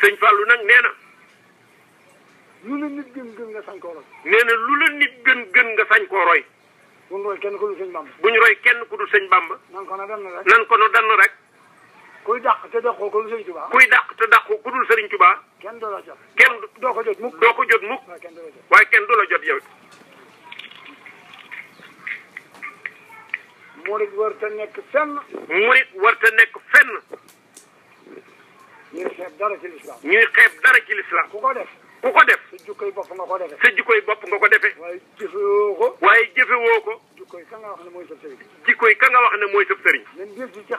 sëñ Fallou nag nee na. lu la nit gën gën nga sañ koo roy. nee na lu la nit gën gën nga sañ koo roy. bu roy kenn ku dul sëñ Bamba. bu ñu roy kenn ku dul señ Bamba. nan ko na nan ko na dann rek. kuy dàq te dàqoo ko dul Serigne Touba. dàq te dàqoo ko dul Serigne Touba. kenn doo la jot. kenn doo ko jot mukk waaye kenn doo la jot yow. murit war ta nekk fenn. murit war ta nekk fenn. ñuy xeeb dara ci lislaam. ku ko def. ku ko def. sa bopp nga ko defee. sa jikkoy bopp nga ko defee. waaye jëfewoo ko. waaye jëfewoo ko. jikkoy ka nga wax ne mooy ka nga wax ne mooy sab sëriñ. nañ dellu si te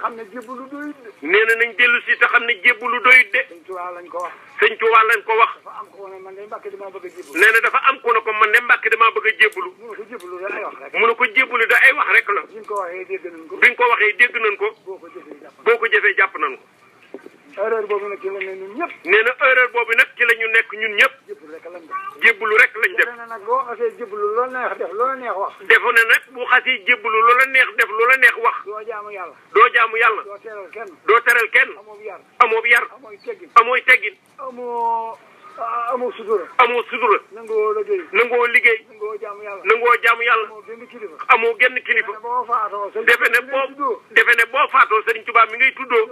ne na nañ dellu si te xam ne jébbu lu doyut de. sëñ Tuubaa lañ ko wax. sëñ Tuubaa lañ ko wax. dafa am ko ne man de Mbàkke damaa bëgg a jébbu. nee na dafa am ko ne ko man de Mbàkke damaa bëgg a jébbu. mu ne ko jébbu da ay wax rek. mu rek la. biñ ko waxee nañ ko. biñ ko waxee dégg nañ ko. boo ko jëfee jàpp nañ ko. erreur boobu nag ci la ñu nekk ñëpp. nee na erreur boobu nag ci la ñu nekk ñun ñëpp nag boo xasee jébbalu loola neex def loola neex wax. defu ne nag bu xasee jébbalu loola neex def loola neex wax. doo jaamu yàlla. doo jaamu yàlla. doo teral kenn. doo teral kenn. amoo yar. amoo yar. amooy teggin. amooy teggin. amoo ah, amoo sutura. amoo sutura. nangoo liggéey. nangoo liggéey. nangoo jaamu yàlla. nangoo jaamu yàlla. amoo genn kilifa. amoo genn kilifa. boo faatoo sëriñ defe ne boo defe ne boo faatoo sëriñ Tuubaa mi ngay tuddoo.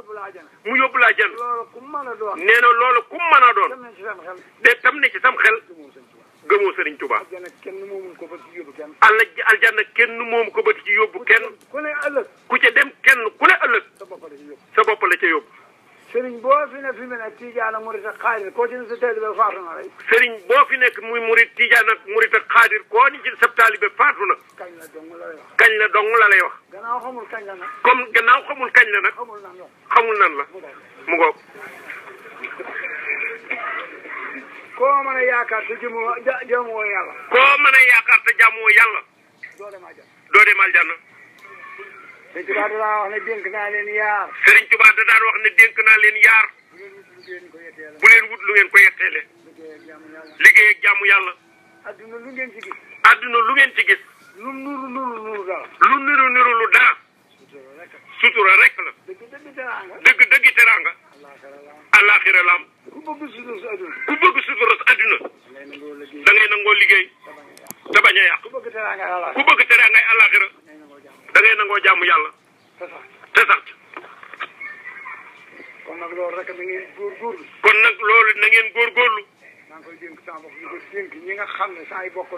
mu yóbbu laa jën. loolu mën a doon. nee na loolu ku mën a doon. de tam ne ci sam xel. gëmoo Serigne Touba. aljanna kenn moomu ko bët ci yóbbu kenn. aljanna kenn moomu ko bët ci yóbbu kenn. ku ne ëllëg. ku ca dem kenn ku ne ëllëg. sa bopp la ca yóbbu. sa bopp la ca yóbbu. boo fi ne fi mu ne Tijaan ak koo fi nekk muy Murit Tijaan ak Murit ak Xaadir koo ni ci sa taalibe faatu na. kañ la dong la lay wax. kañ la dong la lay wax. gannaaw xamul kañ la nag. comme gannaaw xamul kañ la nag. xamul nan la. mu ngoog. koo mën a yaakaar te jëmoo jëmoo yàlla. koo na a yaakaar te jàmmoo yàlla. doo dem aljanna. doo dem aljanna. Sëriñ Tuubaa naa leen yaar. wut lu ngeen ko yetteele. liggéey ak jàmm yàlla. adduna lu ngeen ci gis. adduna lu ngeen ci sutura rek la. dëgg dëgg teraanga. dëgg dëgg teraanga. àllaaxira laam. ku bëgg sutura sa adduna. ku bëgg sutura sa adduna. da ngay nangoo liggéey. te bañ a yàq. ku bëgg teraangay àllaaxira. da ngay nangoo jaamu yàlla. te sax. kon nag loolu rek na ngeen góorgóorlu. kon nag loolu na ngeen góorgóorlu. maa ngi koy dénk sama bopp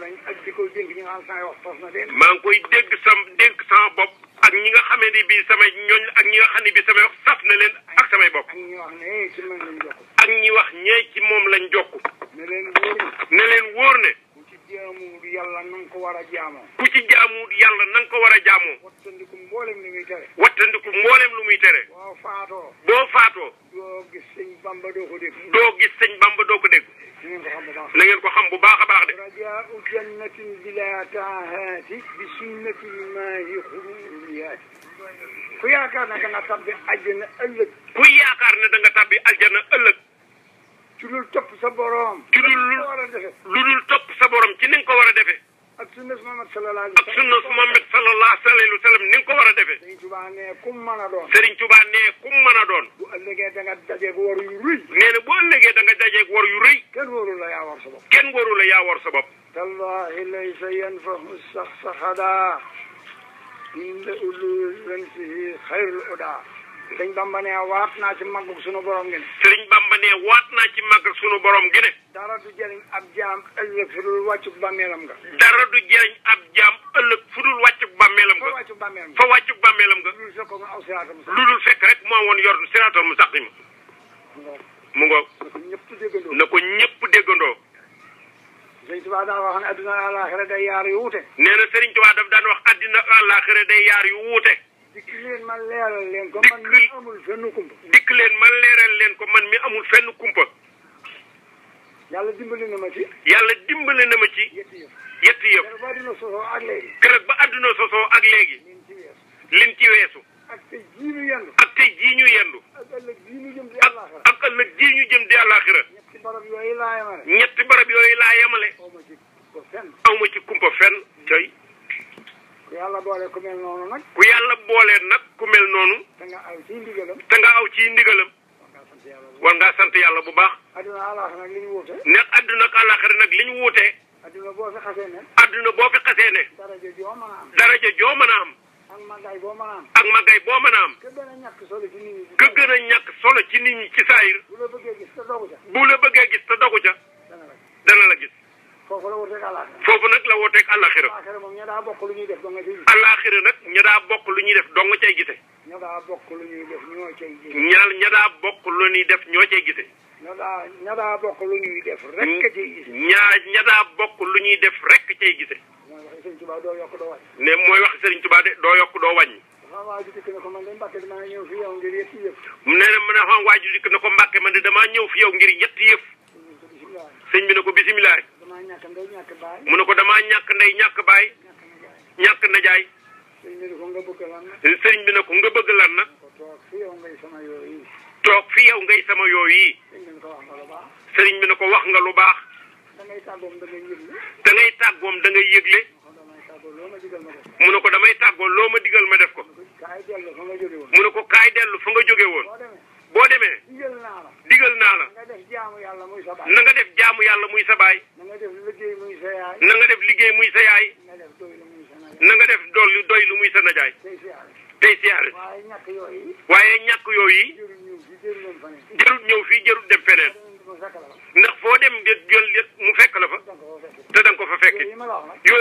di nga koy dégg sam ci jaamu yàlla na nga ko war a jaamoo. wattandiku mboolem lu muy tere. wattandiku mboolem lu muy tere. boo faatoo. boo faatoo. doo gis sëñ bamba doo ko dégg. doo gis sëñ bamba doo ko dégg. na ngeen ko xam bu baax a baax de. rajaau jannatin bila taahaati bi sunnati maahi xuruliyaati. ku yaakaar ne da nga tabbi aljana ëllëg. ku yaakaar ne da nga tabbi aljana ëllëg. ci dul topp sa borom. ci dul lu dul topp sa borom ci ni nga ko war a defee. sunnas Muhammad sallallahu alayhi wa sallam ko Muhammad sallallahu alayhi wa sallam ni nga ko war a defee. Serigne Touba ne kum mën a doon. Serigne Touba ne kum mën a doon. bu ëllëgee da nga dajeeg war yu rëy. nee na bu ëllëgee da nga dajeeg war yu rëy. kenn waru la yaa war sa bopp. kenn waru la yaa war sa bopp. tallaahi laysa yanfahu sax saxadaa inda ulu lansihi xayrul udaa sëriñ Bamba waat naa ci màggug sunu borom gi ne sëriñ Bamba waat naa ci màggug sunu borom gi dara du jëriñ ab jaam ëllëg fu dul wàccug bàmmeelam nga du jëriñ ab jaam ëllëg fu dul wàccug bàmmeelam nga fa wàcc bàmmeelam nga lu dul fekk mu aw siraatal mu sax lu dul fekk rek moo woon yor siraatal mu sax ma mu ngoog na ko ñëpp déggandoo sëriñ Tuubaa daan wax ne adduna àllaaxira yaar yu wuute nee na sëriñ Tuubaa daf daan wax addina àllaaxira day yaar yu wuute dikk leen man leeral leen ko man mi amul fenn kumpa. dikk leen man leeral leen ko man mi amul fenn kumpa. yàlla dimbali na ma ci. yàlla dimbali na ma ci. yetti yëpp yetti yëpp. keroog ba àdduna sosoo ak léegi. keroog ba àdduna sosoo ak léegi. liñ ci weesu. ak tey jii ñu yendu. ak tey jii ñu yendu. ak ëllëg jii ñu jëm di àllaaxira. ak ëllëg jii ñu jëm di àllaaxira. ñetti barab yooyu laa yemale. ñetti barab yooyu laa yemale. aw ma ci kumpa fenn. yàlla boole ku ku yàlla boole nag ku mel noonu. te nga aw ci ndigalam. te nga aw ci ndigalam. war ngaa sant yàlla bu baax. adduna alaaxira nag li ñu ne adduna ak alaaxira nag li ñu wuute. adduna boo fi xasee ne. adduna boo fi a am. daraja joo mën a am. ak màggay boo mën a am. ak màggay boo solo ci nit ñi. ka gën a ci saayir. bu la bëggee gis te dogu ca. bu la gis. foofu foofu nag la wuteeg àllaaxira àllaaxira moom ña bokk lu ñuy def dong cay gise àllaaxira nag ña daa bokk lu ñuy def dong cay gise ña daa bokk lu ñuy def bokk lu ñuy def ñoo cay gise ña bokk rek cay gise ñaa ña lu ñuy def rek cay gise mooy wax Sëriñ Tuubaa doo yokk doo wàññi ne mooy wax Sëriñ Tuubaa de doo yokk doo wàññi waaw waa ji dikk na ko waa ji dikk na ko Mbàkke man di damaa ñëw fi yow ngir ñetti yëf sëñ bi ne ko bisimilah mu na ko damaa ñàkk ndey ñàkk baay ñàkk na jaay sëriñ bi ne ko nga bëgg lan na toog fi yow ngay sama yooyu sëriñ bi na ko wax nga lu baax da ngay tàggoom dangay ngay yëgle mu ne ko damay tàggoo loo ma digal ma def ko mu ne ko kaay dellu fa nga jóge woon boo demee digal naa la na def jaamu yàlla muy sa baay na nga def liggéey muy sa yaay na nga def dool doy lu muy sa najaay tey siyaare waaye ñàkk yooyu jarut ñëw fii jarut dem feneen ndax foo dem jël mu fekk la fa te danga ko fa fekki